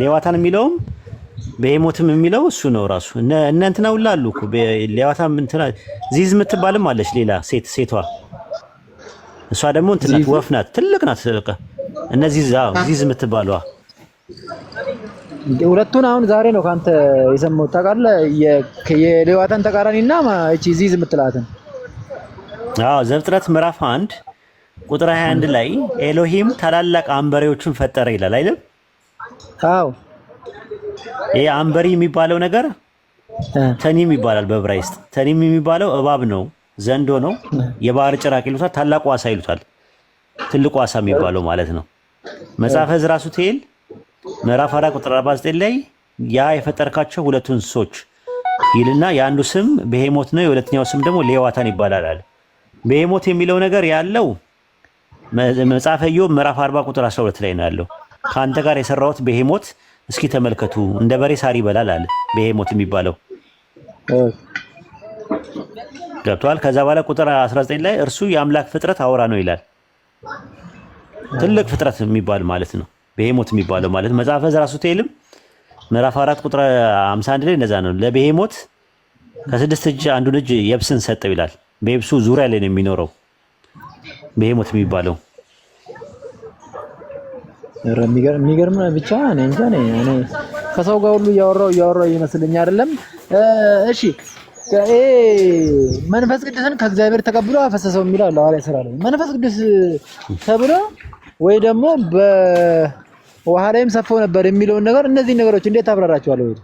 ሌዋታን የሚለውም በሄሞትም የሚለው እሱ ነው ራሱ። እነ እንትና ሁላ አሉ እኮ ሌዋታን እንትና ዚዝ የምትባልም አለች ሌላ ሴት ሴቷ እሷ ደግሞ እንትና ወፍ ናት፣ ትልቅ ናት። በቃ እነዚህ ዛ ዚዝ የምትባለዋ ሁለቱን አሁን ዛሬ ነው ካንተ የሰማሁት ታውቃለህ። የሌዋታን ተቃራኒና እቺ ዚዝ የምትላትን አዎ ዘፍጥረት ምዕራፍ አንድ ቁጥር 21 ላይ ኤሎሂም ታላላቅ አንበሬዎችን ፈጠረ ይላል አይደል? አዎ ይሄ አንበሪ የሚባለው ነገር ተኒም ይባላል በዕብራይስጥ። ተኒም የሚባለው እባብ ነው፣ ዘንዶ ነው። የባህር ጭራቅ ይሉታል፣ ታላቁ አሳ ይሉታል። ትልቁ አሳ የሚባለው ማለት ነው። መጽሐፈ ዕዝራ ሱቱኤል ምዕራፍ 4 ቁጥር 49 ላይ ያ የፈጠርካቸው ሁለቱ እንስሶች ይልና የአንዱ ስም በሄሞት ነው፣ የሁለተኛው ስም ደግሞ ሌዋታን ይባላል አለ። በሄሞት የሚለው ነገር ያለው መጽሐፈ ኢዮብ ምዕራፍ 40 ቁጥር 12 ላይ ነው ያለው። ከአንተ ጋር የሰራሁት በሄሞት እስኪ ተመልከቱ፣ እንደ በሬ ሳር ይበላል አለ በሄሞት የሚባለው ገብቷል። ከዛ በኋላ ቁጥር 19 ላይ እርሱ የአምላክ ፍጥረት አውራ ነው ይላል። ትልቅ ፍጥረት የሚባል ማለት ነው በሄሞት የሚባለው ማለት መጽሐፈ ዘራሱ ቴልም ምዕራፍ አራት ቁጥር 51 ላይ እነዛ ነው። ለበሄሞት ከስድስት እጅ አንዱን እጅ የብስን ሰጠው ይላል። በየብሱ ዙሪያ ላይ ነው የሚኖረው በሄሞት የሚባለው የሚገርም ብቻ እኔ እንጃ ነኝ። እኔ ከሰው ጋር ሁሉ እያወራው እያወራው ይመስልኝ አይደለም። እሺ ይሄ መንፈስ ቅዱስን ከእግዚአብሔር ተቀብሎ አፈሰሰው የሚል አለ ሐዋርያ ሥራ ላይ። መንፈስ ቅዱስ ተብሎ ወይ ደግሞ በውሃ ላይም ሰፈው ነበር የሚለውን ነገር እነዚህ ነገሮች እንዴት ታብራራቸዋለህ? ወይ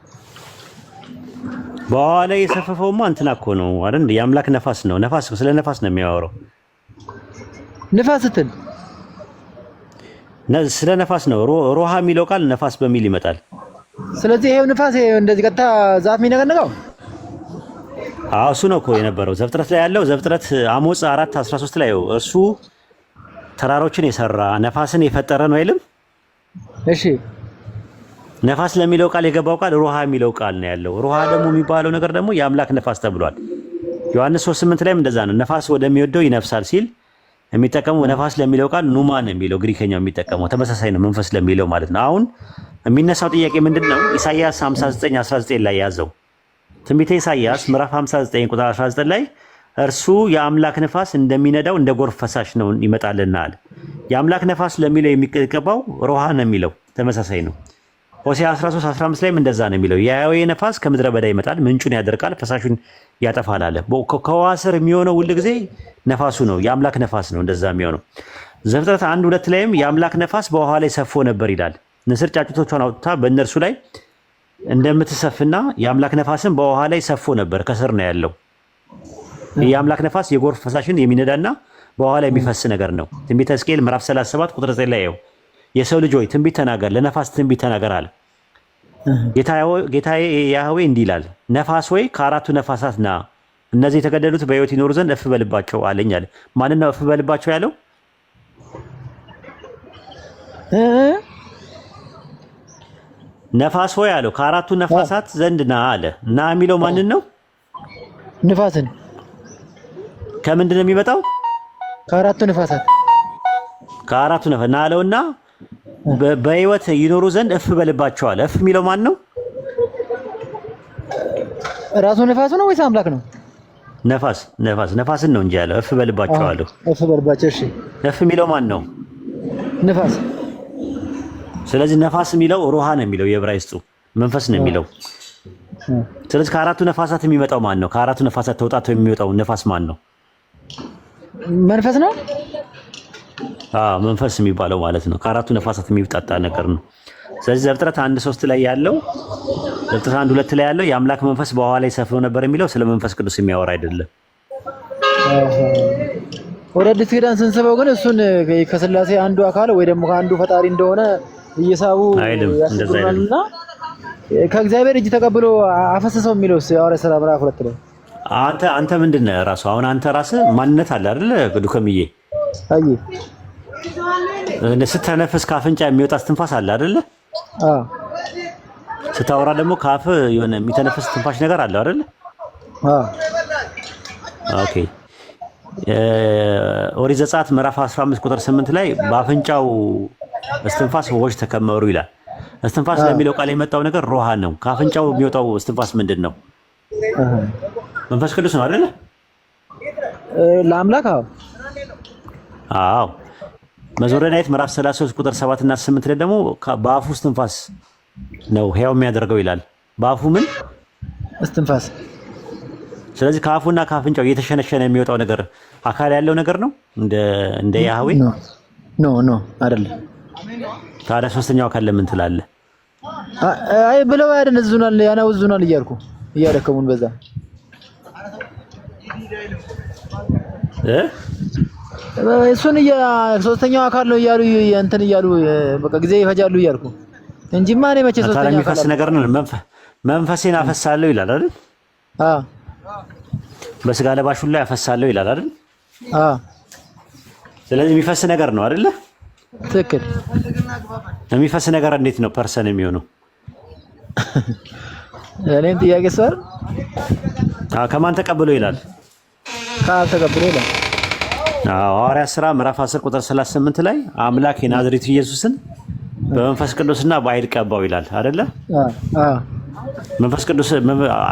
በውሃ ላይ የሰፈፈውማ እንትና እኮ ነው አይደል? የአምላክ ነፋስ ነው። ነፋስ ስለ ነፋስ ነው የሚያወራው ንፋስ ስትል ስለ ነፋስ ነው። ሮሃ የሚለው ቃል ነፋስ በሚል ይመጣል። ስለዚህ ይሄው ነፋስ እንደዚህ ቀጥታ ዛፍ የሚነቀንቀው እሱ ነው እኮ የነበረው ዘፍጥረት ላይ ያለው ዘፍጥረት አሞጽ 4 13 ላይ እሱ ተራሮችን የሰራ ነፋስን የፈጠረ ነው አይልም? እሺ ነፋስ ለሚለው ቃል የገባው ቃል ሩሃ የሚለው ቃል ነው ያለው። ሩሃ ደግሞ የሚባለው ነገር ደግሞ የአምላክ ነፋስ ተብሏል። ዮሐንስ 3፥8 ላይም እንደዛ ነው። ነፋስ ወደሚወደው ይነፍሳል ሲል የሚጠቀመው ነፋስ ለሚለው ቃል ኑማን የሚለው ግሪከኛው የሚጠቀመው ተመሳሳይ ነው፣ መንፈስ ለሚለው ማለት ነው። አሁን የሚነሳው ጥያቄ ምንድን ነው? ኢሳያስ 5919 ላይ ያዘው ትንቢተ ኢሳያስ ምዕራፍ 59 ቁጥር 19 ላይ እርሱ የአምላክ ነፋስ እንደሚነዳው እንደ ጎርፍ ፈሳሽ ነው ይመጣልና አለ። የአምላክ ነፋስ ለሚለው የሚቀባው ሮሃ ነው የሚለው ተመሳሳይ ነው። ሆሴ 13 15 ላይም እንደዛ ነው የሚለው የያዌ ነፋስ ከምድረ በዳ ይመጣል፣ ምንጩን ያደርቃል፣ ፈሳሹን ያጠፋል አለ። ከውሃ ስር የሚሆነው ሁል ጊዜ ነፋሱ ነው፣ የአምላክ ነፋስ ነው እንደዛ የሚሆነው። ዘፍጥረት አንድ ሁለት ላይም የአምላክ ነፋስ በውሃ ላይ ሰፎ ነበር ይላል። ንስር ጫጩቶቿን አውጥታ በእነርሱ ላይ እንደምትሰፍና የአምላክ ነፋስን በውሃ ላይ ሰፎ ነበር፣ ከስር ነው ያለው። የአምላክ ነፋስ የጎርፍ ፈሳሽን የሚነዳና በውሃ ላይ የሚፈስ ነገር ነው። ትንቢተ ሕዝቅኤል ምዕራፍ 37 ቁጥር 9 ላይ የሰው ልጅ ሆይ ትንቢት ተናገር፣ ለነፋስ ትንቢት ተናገር አለ። ጌታዬ ያህዌ እንዲህ ይላል፣ ነፋስ ወይ ከአራቱ ነፋሳት ና እነዚህ የተገደሉት በህይወት ይኖሩ ዘንድ እፍ በልባቸው አለኝ አለ። ማንን ነው እፍ በልባቸው ያለው? ነፋስ ወይ አለው ከአራቱ ነፋሳት ዘንድ ና አለ። ና የሚለው ማንን ነው? ንፋስን። ከምንድን ነው የሚመጣው? ከአራቱ ነፋሳት ከአራቱ ነፋ ና አለውና በህይወት ይኖሩ ዘንድ እፍ በልባቸዋል። እፍ የሚለው ማን ነው? ራሱ ነፋሱ ነው ወይስ አምላክ ነው? ነፋስ ነፋስ ነፋስን ነው እንጂ ያለው እፍ በልባቸዋል። እፍ በልባቸው። እሺ እፍ የሚለው ማን ነው? ነፋስ። ስለዚህ ነፋስ የሚለው ሩሃ ነው የሚለው የዕብራይስጡ መንፈስ ነው የሚለው። ስለዚህ ከአራቱ ነፋሳት የሚመጣው ማን ነው? ከአራቱ ነፋሳት ተውጣቶ የሚወጣው ነፋስ ማን ነው? መንፈስ ነው። መንፈስ የሚባለው ማለት ነው። ከአራቱ ነፋሳት የሚጣጣ ነገር ነው። ስለዚህ ዘፍጥረት አንድ ሶስት ላይ ያለው ዘፍጥረት አንድ ሁለት ላይ ያለው የአምላክ መንፈስ በውሃ ላይ ሰፍኖ ነበር የሚለው ስለ መንፈስ ቅዱስ የሚያወራ አይደለም። ወደ አዲስ ኪዳን ስንስበው ግን እሱን ከስላሴ አንዱ አካል ወይ ደግሞ ከአንዱ ፈጣሪ እንደሆነ እየሳቡ ያስቡናልና ከእግዚአብሔር እጅ ተቀብሎ አፈሰሰው የሚለው የሐዋርያት ሥራ ምዕራፍ ሁለት ላይ አንተ አንተ ምንድን ነህ ራሱ አሁን አንተ ራስህ ማንነት አለ አይደለ ዱከምዬ ስትነፍስ ካፍንጫ የሚወጣ ስትንፋስ አለ አይደለ? ስታወራ ደግሞ ካፍ የሆነ የሚተነፍስ ትንፋሽ ነገር አለው አይደለ? ኦኬ። ኦሪት ዘጸአት ምዕራፍ 15 ቁጥር 8 ላይ በአፍንጫው እስትንፋስ ውኆች ተከመሩ ይላል። እስትንፋስ ለሚለው ቃል የመጣው ነገር ሮሃ ነው። ከአፍንጫው የሚወጣው እስትንፋስ ምንድን ነው? መንፈስ ቅዱስ ነው አይደለ? ለአምላክ አዎ። አዎ መዝሙረ ዳዊት ምዕራፍ 33 ቁጥር 7 እና 8 ላይ ደግሞ በአፉ እስትንፋስ ነው ሕያው የሚያደርገው ይላል። በአፉ ምን እስትንፋስ። ስለዚህ ከአፉና ከአፍንጫው እየተሸነሸነ የሚወጣው ነገር አካል ያለው ነገር ነው። እንደ እንደ ያህዌ ኖ ኖ አይደለም። ታዲያ ሶስተኛው አካል ለምን ትላለህ? አይ ብለው አይደል እዙናል ያናው እዙናል እያልኩ እያደከሙን በዛ እሱን ሶስተኛው አካል ነው እያሉ እንትን እያሉ በቃ ጊዜ ይፈጃሉ እያልኩ እንጂማ እኔ መቼ ሶስተኛው የሚፈስ ነገር ነው። መንፈሴን አፈሳለሁ ይላል አይደል? አዎ በስጋ ለባሹ ላይ አፈሳለሁ ይላል አይደል? አዎ ስለዚህ የሚፈስ ነገር ነው አይደለ? ትክክል። የሚፈስ ነገር እንዴት ነው ፐርሰን የሚሆነው? እኔም ጥያቄ ሰር ከማን ተቀብሎ ይላል? ከአብ ተቀብሎ ይላል። ሐዋርያት ሥራ ምዕራፍ 10 ቁጥር 38 ላይ አምላክ የናዝሬቱ ኢየሱስን በመንፈስ ቅዱስና በኃይል ቀባው ይላል አይደለ? መንፈስ ቅዱስ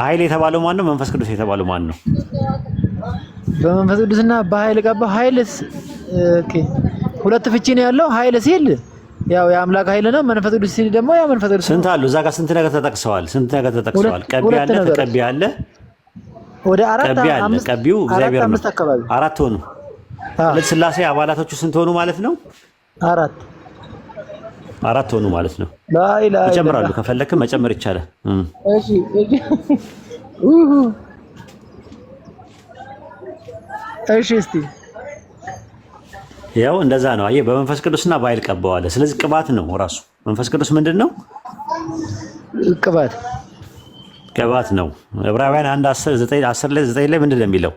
ኃይል የተባለው ማን ነው? መንፈስ ቅዱስ የተባለው ማን ነው? በመንፈስ ቅዱስና በኃይል ቀባው። ኃይልስ ኦኬ፣ ሁለት ፍቺ ነው ያለው። ኃይል ሲል ያው የአምላክ ኃይል ነው። መንፈስ ቅዱስ ሲል ደግሞ ያው መንፈስ ቅዱስ ስንት አሉ? እዛ ጋር ስንት ነገር ተጠቅሰዋል። ስንት ነገር ተጠቅሰዋል። ቀቢ ያለ ተቀቢ ያለ ወደ አራት አምስት ቀቢው እግዚአብሔር ነው። አራት ሆኑ ስላሴ አባላቶቹ ስንት ሆኑ ማለት ነው? አራት አራት ሆኑ ማለት ነው። ይጨምራሉ። ከፈለክ መጨመር ይቻላል። እሺ እሺ እስቲ ያው እንደዛ ነው። አየህ በመንፈስ ቅዱስና በኃይል ቀባዋለ። ስለዚህ ቅባት ነው ራሱ መንፈስ ቅዱስ ምንድን ነው? ቅባት ቅባት ነው። ዕብራውያን አንድ 10 ላይ ምንድን ነው የሚለው?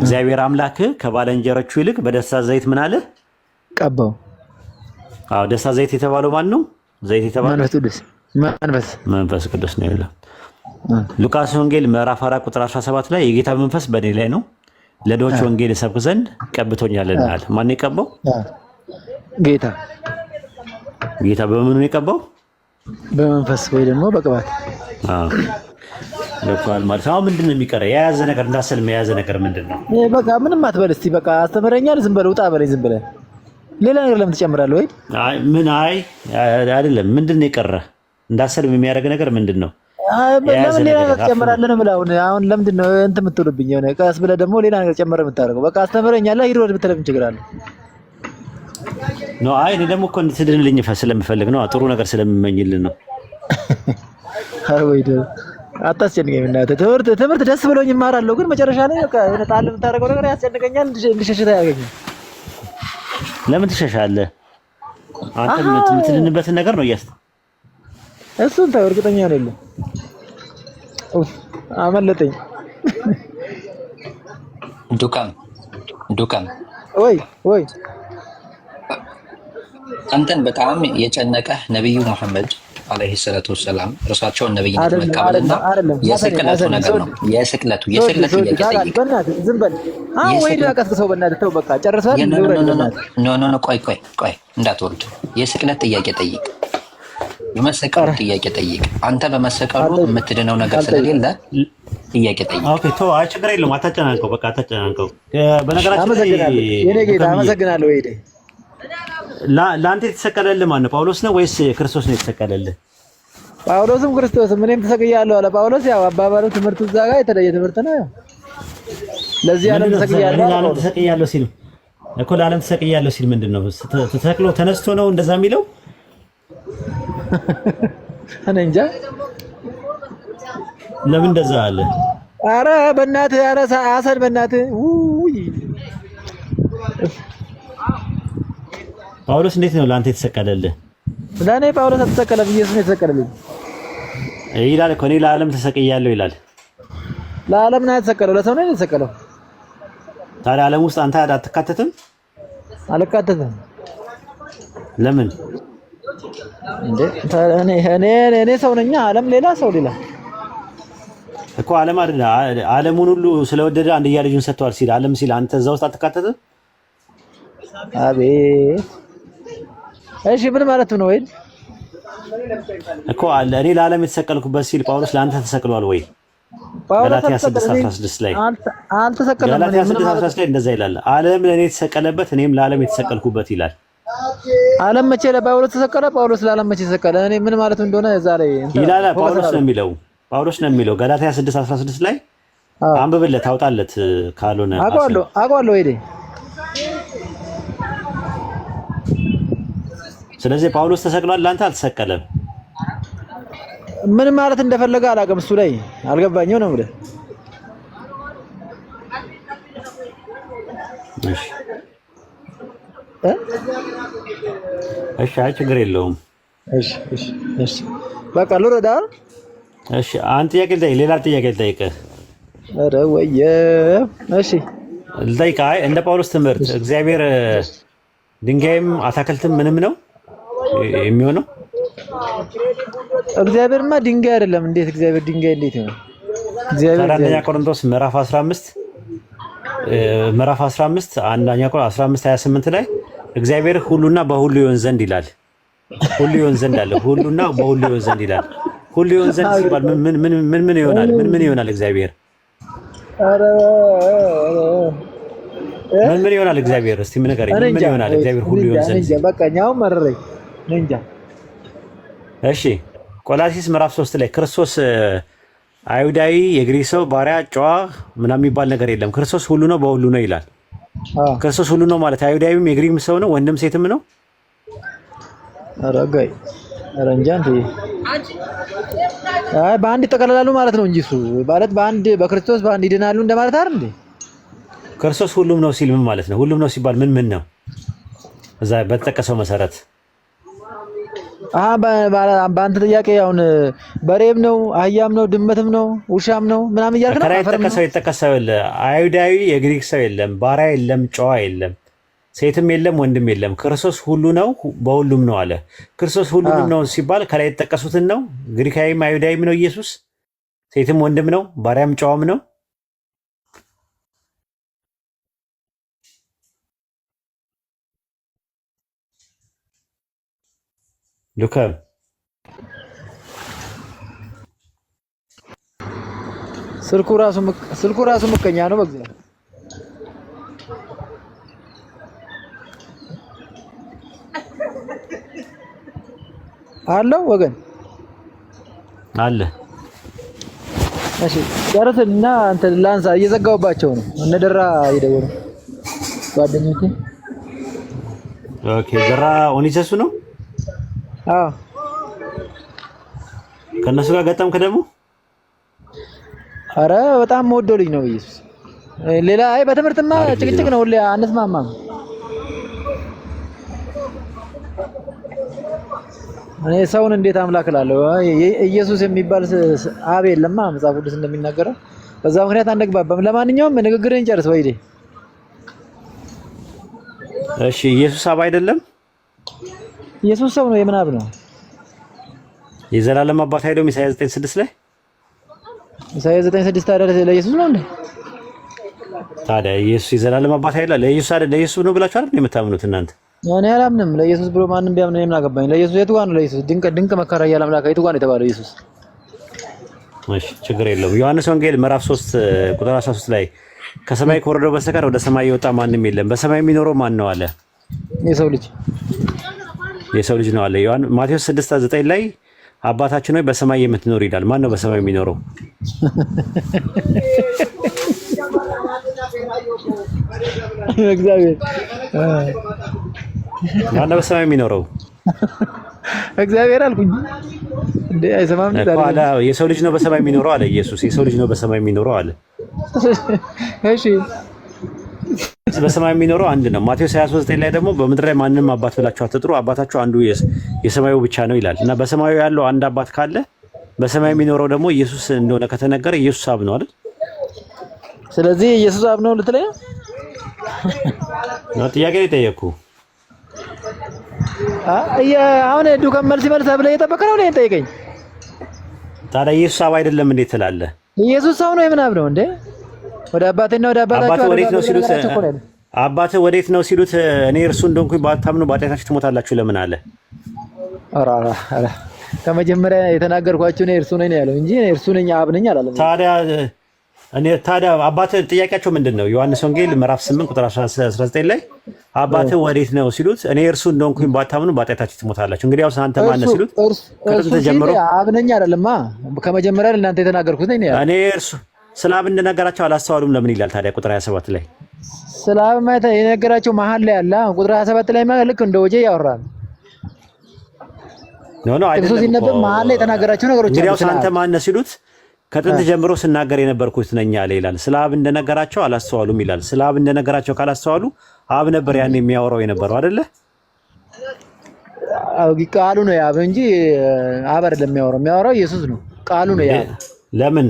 እግዚአብሔር አምላክህ ከባለንጀሮቹ ይልቅ በደስታ ዘይት ምን አለ ቀባው። አዎ ደስታ ዘይት የተባለው ማን ነው? ዘይት የተባለው መንፈስ ቅዱስ ነው ይላል ሉቃስ ወንጌል ምዕራፍ 4 ቁጥር 17 ላይ የጌታ መንፈስ በእኔ ላይ ነው ለድሆች ወንጌል ሰብክ ዘንድ ቀብቶኛልና ማን የቀባው? ጌታ ጌታ በምኑ የቀባው? በመንፈስ ወይ ደግሞ በቅባት ገብቷል ማለት አሁን ምንድን ነው የሚቀረ? የያዘ ነገር እንዳሰልም የያዘ ነገር ምንድን ነው? በቃ ምንም አትበል እስቲ በቃ አስተምረኛል። ዝም በለው ውጣ በለኝ። ዝም ብለህ ሌላ ነገር ለምን ትጨምራለህ? ወይ አይ ምን አይ አይደለም። ምንድን ነው የቀረ? እንዳሰልም የሚያደርግ ነገር ምንድን ነው? ለምን ሌላ ነገር ትጨምራለህ ነው የምልህ። አሁን አሁን ለምንድን ነው እንትን የምትውልብኝ? የሆነ ቀስ ብለህ ደግሞ ሌላ ነገር ጨምረህ የምታደርገው? በቃ አስተምረኛል። ሂድ ወደ ብትለምን ችግር አለ? አይ እኔ ደግሞ እኮ እንድትድንልኝ ስለምፈልግ ነው። ጥሩ ነገር ስለምመኝልን ነው። አይ ወይ ደግሞ አታስጨንቀኝ እናትህ። ትምህርት ትምህርት ደስ ብሎኝ እማራለሁ፣ ግን መጨረሻ ላይ በቃ የሆነ ጣል የምታደርገው ነገር ያስጨንቀኛል። እንድሸሽታ ያገኘኝ ለምን ትሸሻለህ? አንተ የምትድንበትን ነገር ነው እያስ እሱን ተው፣ እርግጠኛ ነው የለም። አመለጠኝ። ዱካም ዱካም፣ ወይ ወይ፣ አንተን በጣም የጨነቀህ ነቢዩ መሐመድ አለይሂ ሰላቱ ወሰላም እርሳቸውን ነብይነት መቀበልና የስቅለቱ ነገር ነው። የስቅለቱ የስቅለቱ ዝም በል ወይ ቀስቅሰው፣ በእናትህ ተው፣ በቃ ቆይ ቆይ ቆይ፣ እንዳትወርድ። የስቅለት ጥያቄ ጠይቅ፣ የመሰቀሉ ጥያቄ ጠይቅ። አንተ በመሰቀሉ የምትድነው ነገር ስለሌለ ጥያቄ ጠይቅ። ኦኬ፣ አይ ችግር የለውም። አታጨናንቀው፣ በቃ አታጨናንቀው። በነገራችን ላይ አመሰግናለሁ። ለአንተ የተሰቀለልህ ማን ነው? ጳውሎስ ነው ወይስ ክርስቶስ ነው የተሰቀለልህ? ጳውሎስም ክርስቶስም እኔም ተሰቅያለሁ አለ ጳውሎስ። ያው አባባሉ ትምህርቱ እዛ ጋር የተለየ ትምህርት ነው። ያው ለዚህ ዓለም ተሰቅያለሁ ለዓለም ተሰቅያለሁ ሲል እኮ ለዓለም ተሰቅያለሁ ሲል ምንድን ነው ተሰቅሎ ተነስቶ ነው እንደዛ የሚለው? እኔ እንጃ ለምን እንደዛ አለ። አረ በእናትህ አረ አሰን በእናትህ ውይ ጳውሎስ እንዴት ነው ለአንተ የተሰቀለልህ? ለእኔ ጳውሎስ አልተሰቀለም፣ ኢየሱስ ነው የተሰቀለልኝ ይላል እኮ። እኔ ለዓለም ተሰቅያለሁ ይላል። ለዓለም ነው የተሰቀለው፣ ለሰው ነው የተሰቀለው። ታዲያ ዓለም ውስጥ አንተ አትካተትም? አልካተትም። ለምን? እኔ ሰው ነኝ፣ ዓለም ሌላ፣ ሰው ሌላ እኮ ዓለም አይደለ። ዓለሙን ሁሉ ስለወደደ አንድያ ልጁን ሰጥቷል ሲል ዓለም ሲል አንተ እዛ ውስጥ አትካተትም? አቤት እሺ ምን ማለት ነው? ወይ እኮ አለ እኔ ለዓለም የተሰቀልኩበት ሲል ጳውሎስ ለአንተ ተሰቅሏል ወይ? ገላትያ 6:16 ላይ ገላትያ 6:16 ላይ እንደዛ ይላል። ዓለም ለእኔ የተሰቀለበት እኔም ለዓለም የተሰቀልኩበት ይላል። ዓለም መቼ ለጳውሎስ ተሰቀለ? ጳውሎስ ለዓለም መቼ ተሰቀለ? እኔ ምን ማለት እንደሆነ እዛ ላይ ይላል። ጳውሎስ ነው የሚለው ጳውሎስ ነው የሚለው ገላትያ 6:16 ላይ አንብብለት፣ አውጣለት ካልሆነ አውቀዋለሁ አውቀዋለሁ ወይ ስለዚህ ጳውሎስ ተሰቅሏል፣ ላንተ አልተሰቀለም። ምን ማለት እንደፈለገ አላውቅም። እሱ ላይ አልገባኝም ነው የምልህ። እሺ፣ አይ ችግር የለውም። እሺ፣ እሺ፣ እሺ፣ በቃ ልረዳ። እሺ፣ አንድ ጥያቄ ልጠይቅ፣ ሌላ ጥያቄ ልጠይቅህ። ኧረ ወየ እሺ ልጠይቅህ። አይ እንደ ጳውሎስ ትምህርት እግዚአብሔር ድንጋይም አታክልትም ምንም ነው የሚሆነው? እግዚአብሔርማ ድንጋይ አይደለም። እንዴት እግዚአብሔር ድንጋይ እንዴት ነው? እግዚአብሔር አንደኛ ቆሮንቶስ ምዕራፍ 15 ምዕራፍ 15 አንደኛ ቆሮንቶስ 15 28 ላይ እግዚአብሔር ሁሉና በሁሉ ይሆን ዘንድ ይላል። ሁሉ ይሆን ዘንድ አለ። ሁሉና በሁሉ ይሆን ዘንድ ይላል። ሁሉ ይሆን ዘንድ ሲባል ምን ምን ምን ምን ይሆናል? ምን ምን ይሆናል? እግዚአብሔር ምን ምን ይሆናል? እግዚአብሔር እስቲ ምን ነገር ምን ይሆናል? እግዚአብሔር ሁሉ ይሆን ዘንድ በቃ እኛው መረረኝ እንጃ። እሺ ቆላሲስ ምዕራፍ ሶስት ላይ ክርስቶስ አይሁዳዊ የግሪክ ሰው ባሪያ ጨዋ ምናምን የሚባል ነገር የለም። ክርስቶስ ሁሉ ነው በሁሉ ነው ይላል። ክርስቶስ ሁሉ ነው ማለት አይሁዳዊም የግሪክም ሰው ነው፣ ወንድም ሴትም ነው። አረጋይ አረንጃ አይ በአንድ ይጠቀለላሉ ማለት ነው እንጂ እሱ ማለት በአንድ በክርስቶስ በአንድ ይድናሉ እንደማለት አይደል እንዴ? ክርስቶስ ሁሉም ነው ሲል ምን ማለት ነው? ሁሉም ነው ሲባል ምን ምን ነው? እዛ በተጠቀሰው መሰረት በአንተ ጥያቄ አሁን በሬም ነው አህያም ነው ድመትም ነው ውሻም ነው ምናምን እያልክ ነው። የተጠቀሰው የተጠቀሰው የለ አይሁዳዊ የግሪክ ሰው የለም፣ ባሪያ የለም፣ ጨዋ የለም፣ ሴትም የለም፣ ወንድም የለም። ክርስቶስ ሁሉ ነው በሁሉም ነው አለ። ክርስቶስ ሁሉም ነው ሲባል ከላይ የተጠቀሱትን ነው። ግሪካዊም አይሁዳዊም ነው ኢየሱስ፣ ሴትም ወንድም ነው፣ ባሪያም ጨዋም ነው ልከም ስልኩ ራሱ ስልኩ ራሱ ምቀኛ ነው። በእግዚአብሔር አለው ወገን አለ። እሺ ጨርስና አንተ ላንሳ። እየዘጋውባቸው ነው። እነደራ ይደውሉ ጓደኞቼ። ኦኬ ደራ ኦኒሰሱ ነው አዎ ከነሱ ጋር ገጠምክ ደግሞ? አረ በጣም ወዶ ልጅ ነው ኢየሱስ። ሌላ አይ በትምህርትማ ጭቅጭቅ ነው ሁሌ አንስማማም። እኔ ሰውን እንዴት አምላክ እላለሁ? ኢየሱስ የሚባል አብ የለማ መጽሐፍ ቅዱስ እንደሚናገረው። በዛ ምክንያት አንደግባም ለማንኛውም ንግግርን ጨርስ። ወይዴ እሺ፣ ኢየሱስ አብ አይደለም ኢየሱስ ሰው ነው የምናብ ነው የዘላለም አባት ኃይሎም ኢሳይያስ 9:6 ላይ ኢሳይያስ 9:6 አይደል? ለኢየሱስ ነው እንዴ? ታዲያ ኢየሱስ የዘላለም አባት ኃይል ለኢየሱስ አይደለ ለኢየሱስ ነው ብላችሁ አይደል የምታምኑት እናንተ? እኔ አላምንም። ለኢየሱስ ብሎ ማንም ቢያምን እኔ ምን አገባኝ? ለኢየሱስ የቱ ጋር ነው? ለኢየሱስ ድንቅ ድንቅ መከራ እያለ አምላክ የቱ ጋር ነው የተባለው? ኢየሱስ እሺ፣ ችግር የለውም። ዮሐንስ ወንጌል ምዕራፍ 3 ቁጥር 13 ላይ ከሰማይ ከወረደው በስተቀር ወደ ሰማይ የወጣ ማንም የለም፣ በሰማይ የሚኖረው ማን ነው አለ የሰው ልጅ የሰው ልጅ ነው አለ ማቴዎስ 6:9 ላይ አባታችን ሆይ በሰማይ የምትኖር ይላል። ማን ነው በሰማይ የሚኖረው? እግዚአብሔር። ማን ነው በሰማይ የሚኖረው? እግዚአብሔር አልኩኝ። እንዴ አይሰማም? የሰው ልጅ ነው በሰማይ የሚኖረው አለ ኢየሱስ። የሰው ልጅ ነው በሰማይ የሚኖረው አለ። እሺ በሰማይ የሚኖረው አንድ ነው። ማቴዎስ 29 ላይ ደግሞ በምድር ላይ ማንም አባት ብላችሁ አትጥሩ፣ አባታችሁ አንዱ የሰማዩ ብቻ ነው ይላል እና በሰማዩ ያለው አንድ አባት ካለ በሰማይ የሚኖረው ደግሞ ኢየሱስ እንደሆነ ከተነገረ ኢየሱስ አብ ነው አይደል? ስለዚህ ኢየሱስ አብ ነው ልትለኝ ነው? ጥያቄ ነው አሁን ዱከም መልስ ይመልሳል ብለህ እየጠበቀ ነው እኔን ጠይቀኝ። ታዲያ ኢየሱስ አብ አይደለም እንዴት ትላለህ? ኢየሱስ ሰው ነው የምን አብ ነው እንዴ? ወደ አባትና ወደ አባታችሁ ወዴት ነው ሲሉት አባትህ ወዴት ነው ሲሉት እኔ እርሱ እንደሆንኩኝ ባታምኑ በኃጢአታችሁ ትሞታላችሁ ለምን አለ? ከመጀመሪያ የተናገርኳችሁ እኔ እርሱ ነኝ ያለው እንጂ እርሱ ነኝ አብ ነኝ አላለም። ታዲያ እኔ ታዲያ አባትህ ጥያቄያቸው ምንድን ነው? ዮሐንስ ወንጌል ምዕራፍ 8 ቁጥር 19 ላይ አባትህ ወዴት ነው ሲሉት እኔ እርሱ እንደሆንኩኝ ባታምኑ በኃጢአታችሁ ትሞታላችሁ። እንግዲህ ያው አንተ ማነህ ሲሉት ከጥንት ጀምሮ አብ ነኝ አላለማ። ከመጀመሪያ እናንተ የተናገርኩት ነኝ ያለው እኔ እርሱ ስላብ እንደነገራቸው አላስተዋሉም ለምን ይላል ታዲያ? ቁጥር 27 ላይ ስላብ ማለት የነገራቸው መሀል ላይ አለ። ቁጥር 27 ላይ ማለት ልክ እንደ ወጀ ያወራል። ኖ ኖ አይደለም። እሱ ሲነበብ መሀል ላይ የተናገራቸው ነገሮች እንግዲያው ስለአንተ ማነህ ሲሉት ከጥንት ጀምሮ ስናገር የነበርኩት ነኝ አለ ይላል። ስላብ እንደነገራቸው አላስተዋሉም ይላል። ስላብ እንደነገራቸው ካላስተዋሉ አብ ነበር ያን የሚያወራው የነበረው አይደለ? ቃሉ ነው የአብ እንጂ አብ አይደለም የሚያወራው። የሚያወራው ኢየሱስ ነው። ቃሉ ነው ያ ለምን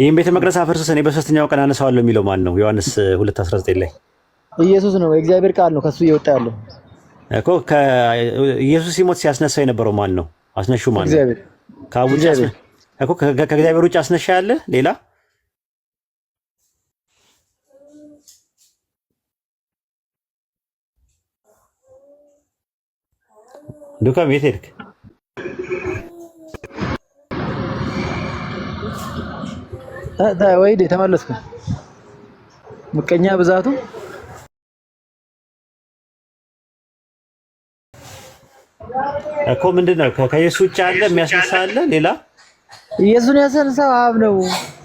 ይህም ቤተ መቅደስ አፈርስስ እኔ በሶስተኛው ቀን አነሳዋለሁ የሚለው ማን ነው? ዮሐንስ 2:19 ላይ ኢየሱስ ነው። የእግዚአብሔር ቃል ነው። ከሱ እየወጣ ያለው እኮ ከኢየሱስ ሲሞት ሲያስነሳ የነበረው ማን ነው? አስነሹ ማን ነው? ከእግዚአብሔር ውጭ አስነሻ ያለ ሌላ ዱካም የት ሄድክ? ወይዴ ተመለስኩ። ምቀኛ ብዛቱ እኮ ምንድን ነው? ከኢየሱስ ውጭ አለ የሚያስነሳ አለ ሌላ? ኢየሱስን ያስነሳው አብ ነው።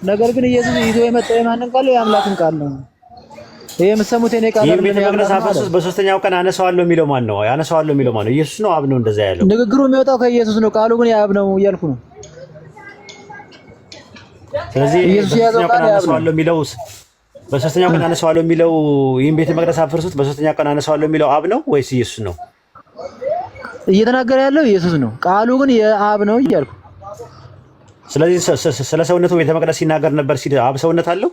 ነገር ግን ኢየሱስ ይዞ የመጣው የማንን ቃል? የአምላክን ቃል ነው። ይሄ የምትሰሙት የኔ ቃል ነው። ቤተ መቅደስ አፈረስኩት በሶስተኛው ቀን አነሳዋለሁ የሚለው ማን ነው? አነሳዋለሁ የሚለው ማን ነው? ኢየሱስ ነው? አብ ነው? እንደዛ ያለው ንግግሩ የሚወጣው ከኢየሱስ ነው። ቃሉ ግን የአብ ነው እያልኩ ነው። ስለዚህ በሶስተኛው ቀን አነሳዋለሁ የሚለው በሶስተኛው ቀን አነሳዋለሁ የሚለው ይህን ቤተ መቅደስ አፍርሱት በሶስተኛው ቀን አነሳዋለሁ የሚለው አብ ነው ወይስ ኢየሱስ ነው? እየተናገረ ያለው ኢየሱስ ነው። ቃሉ ግን የአብ ነው እያልኩ። ስለዚህ ስለ ሰውነቱ ቤተ መቅደስ ሲናገር ነበር ሲል አብ ሰውነት አለው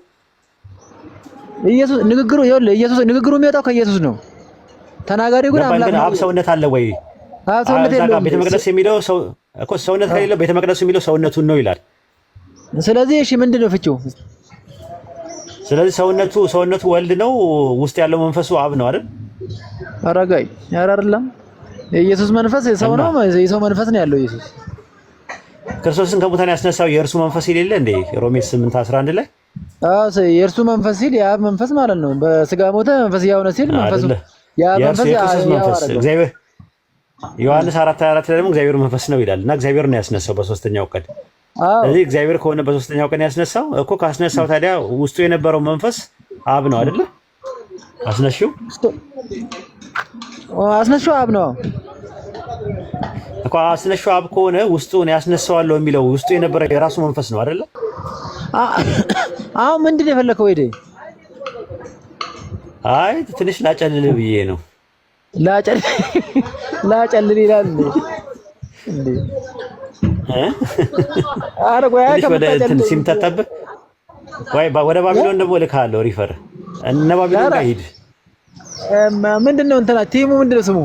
ኢየሱስ ንግግሩ ይኸውልህ፣ ኢየሱስ ንግግሩ የሚወጣው ከኢየሱስ ነው። ተናጋሪው ግን አምላክ ነው። አብ ሰውነት አለ ወይ? አብ ሰውነት የለውም። ቤተ መቅደስ የሚለው ሰው እኮ ሰውነት ከሌለው ቤተ መቅደሱ የሚለው ሰውነቱን ነው ይላል። ስለዚህ እሺ፣ ምንድን ነው ፍቺው? ስለዚህ ሰውነቱ ሰውነቱ ወልድ ነው፣ ውስጥ ያለው መንፈሱ አብ ነው አይደል? አረጋይ ያር አይደለም። የኢየሱስ መንፈስ የሰው ነው፣ የሰው መንፈስ ነው ያለው ኢየሱስ ክርስቶስን ከሙታን ያስነሳው የእርሱ መንፈስ ይሌለ እንዴ? ሮሜ 8 11 ላይ አዎ፣ የእርሱ መንፈስ ሲል የአብ መንፈስ ማለት ነው። በስጋ ሞተ መንፈስ ያው ነው ሲል መንፈሱ የአብ መንፈስ እግዚአብሔር ዮሐንስ 4 24 ላይ ደግሞ እግዚአብሔር መንፈስ ነው ይላል እና እግዚአብሔር ነው ያስነሳው በሶስተኛው ቀን ስለዚህ እግዚአብሔር ከሆነ በሶስተኛው ቀን ያስነሳው እኮ ካስነሳው ታዲያ ውስጡ የነበረው መንፈስ አብ ነው አይደለ? አስነሺው አስነሺው አብ ነው እኮ አስነሺው አብ ከሆነ ውስጡን ያስነሳዋለሁ የሚለው ውስጡ የነበረ የራሱ መንፈስ ነው አይደለ? አሁን ምንድን የፈለከው ሄደ? አይ ትንሽ ላጨልል ብዬ ነው። ላጨልል ይላል ወይ ወደ ባቢሎን ደግሞ እልክሃለሁ ሪፈር እነ ባቢሎን ጋር ሂድ። ምንድን ነው እንትና ቲሙ ምንድን ነው ስሙ?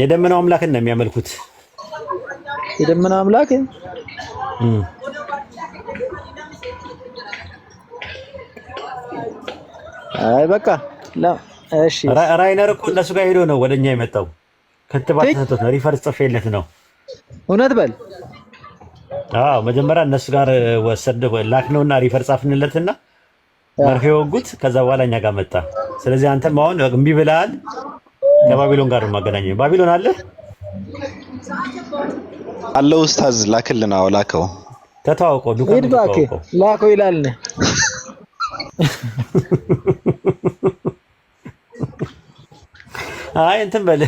የደመናው አምላክ ነው የሚያመልኩት። የደመናው አምላክ አይ በቃ እሺ። ራይነር እኮ እነሱ ጋር ሄዶ ነው ወደኛ የመጣው። ክትባት ተሰጥቶት ነው። ሪፈር ጽፌለት ነው እውነት በል። አዎ መጀመሪያ እነሱ ጋር ወሰድ ላክ ነውና ሪፈር ጻፍንለትና መርፌ ወጉት። ከዛ በኋላ እኛ ጋር መጣ። ስለዚህ አንተም አሁን እምቢ ብለሃል። ከባቢሎን ጋር ማገናኘ ባቢሎን አለ አለ ኡስታዝ ላክልና ላከው ተታውቆ ዱካን ላኮ ይላል። አይ እንትን በል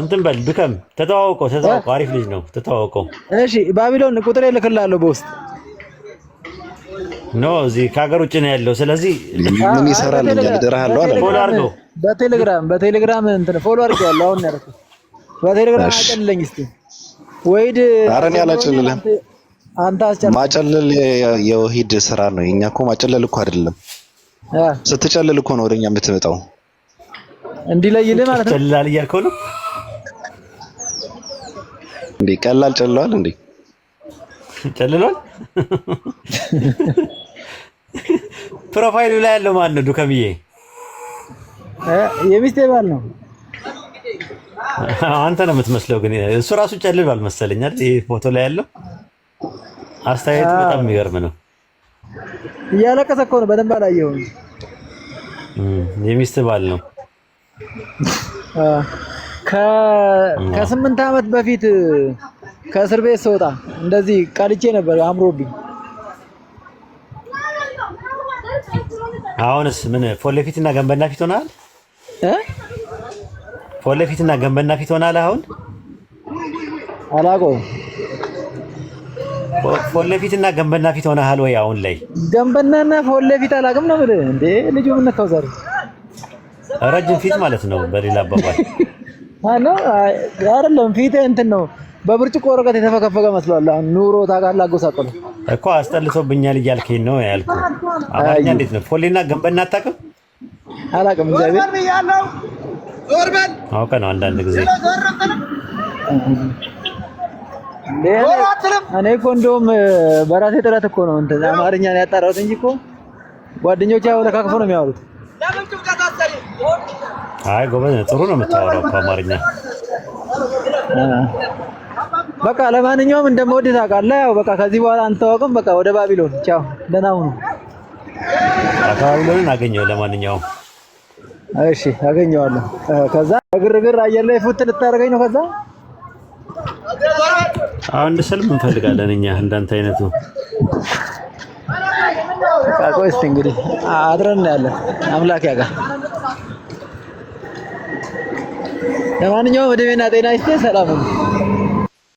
እንትን በል ድከም፣ ተተዋውቀው ተተዋውቀው። አሪፍ ልጅ ነው፣ ተተዋውቀው። እሺ ባቢሎን ቁጥር እልክልሃለሁ በውስጥ ኖ እዚህ ከሀገር ውጭ ነው ያለው። ስለዚህ ምን ይሰራል? እደርሃለሁ አለ። ፎሎ በቴሌግራም በቴሌግራም እንትን ፎሎ አድርገዋለሁ። አሁን ያደረኩት በቴሌግራም አጨልለኝ እስቲ ወይድ። ኧረ እኔ አላጨልልህም። አንተ አስጨልል። ማጨልል የወሂድ ስራ ነው። የእኛ እኮ ማጨለል እኮ አይደለም። ስትጨልል እኮ ነው ወደኛ የምትመጣው። እንዲለይልህ ማለት ነው። ጨልላል እያልከው ነው እንዴ ቀላል ጨልሏል እንዴ ጨልሏል። ፕሮፋይሉ ላይ ያለው ማን ነው? ዱከምዬ የሚስቴ ባል ነው። አንተ ነው የምትመስለው፣ ግን እሱ ራሱ ጨልሏል መሰለኛል። ይሄ ፎቶ ላይ ያለው አስተያየት በጣም የሚገርም ነው። እያለቀሰ እኮ ነው። በደንብ አላየሁም። የሚስት ባል ነው። ከስምንት ዓመት በፊት ከእስር ቤት ስወጣ እንደዚህ ቀልቼ ነበር አምሮብኝ። አሁንስ ምን ፎለፊትና ገንበና ፊት ሆናል እ ፎለፊትና ገንበና ፊት ሆናል። አሁን አላውቀውም። ፎለፊትና ገንበና ፊት ሆናል ወይ? አሁን ላይ ገንበናና ፎለፊት አላውቅም ነው የምልህ። እንዴ ልጁ ምን ነው ዛሬ ረጅም ፊት ማለት ነው በሌላ አባባል አይደለም ፊት እንትን ነው በብርጭቆ ወረቀት የተፈከፈገ መስሏል። ኑሮ ታውቃለህ፣ አጎሳቆሉ እኮ አስጠልቶብኛል እያልከኝ ነው ያልኩህ። አማርኛ እንዴት ነው? ፖሊና ገንበና አታውቅም? አላውቅም። እግዚአብሔር አውቀ ነው አንዳንድ ጊዜ እኔ እኮ እንደውም በራሴ ጥረት እኮ ነው እንትን አማርኛ ያጣራሁት እንጂ እኮ ጓደኞቼ አወለካክፎ ነው የሚያወሩት። አይ ጎበዝ፣ ጥሩ ነው የምታወራው አማርኛ። በቃ ለማንኛውም እንደምወድህ ታውቃለህ። ያው በቃ ከዚህ በኋላ አንተዋወቅም። በቃ ወደ ባቢሎን ቻው፣ ደህና ሁኑ። ባቢሎንን አገኘው። ለማንኛውም እሺ፣ አገኘዋለሁ። ከዛ ግርግር አየር ላይ ፉት ልታደርገኝ ነው። ከዛ አንድ ስልም እንፈልጋለን እኛ እንዳንተ አይነቱ ቆይስ እንግዲህ አድረን ያለን አምላክ ያውቃል። ለማንኛውም መደቤና ጤና ይስጥ። ሰላም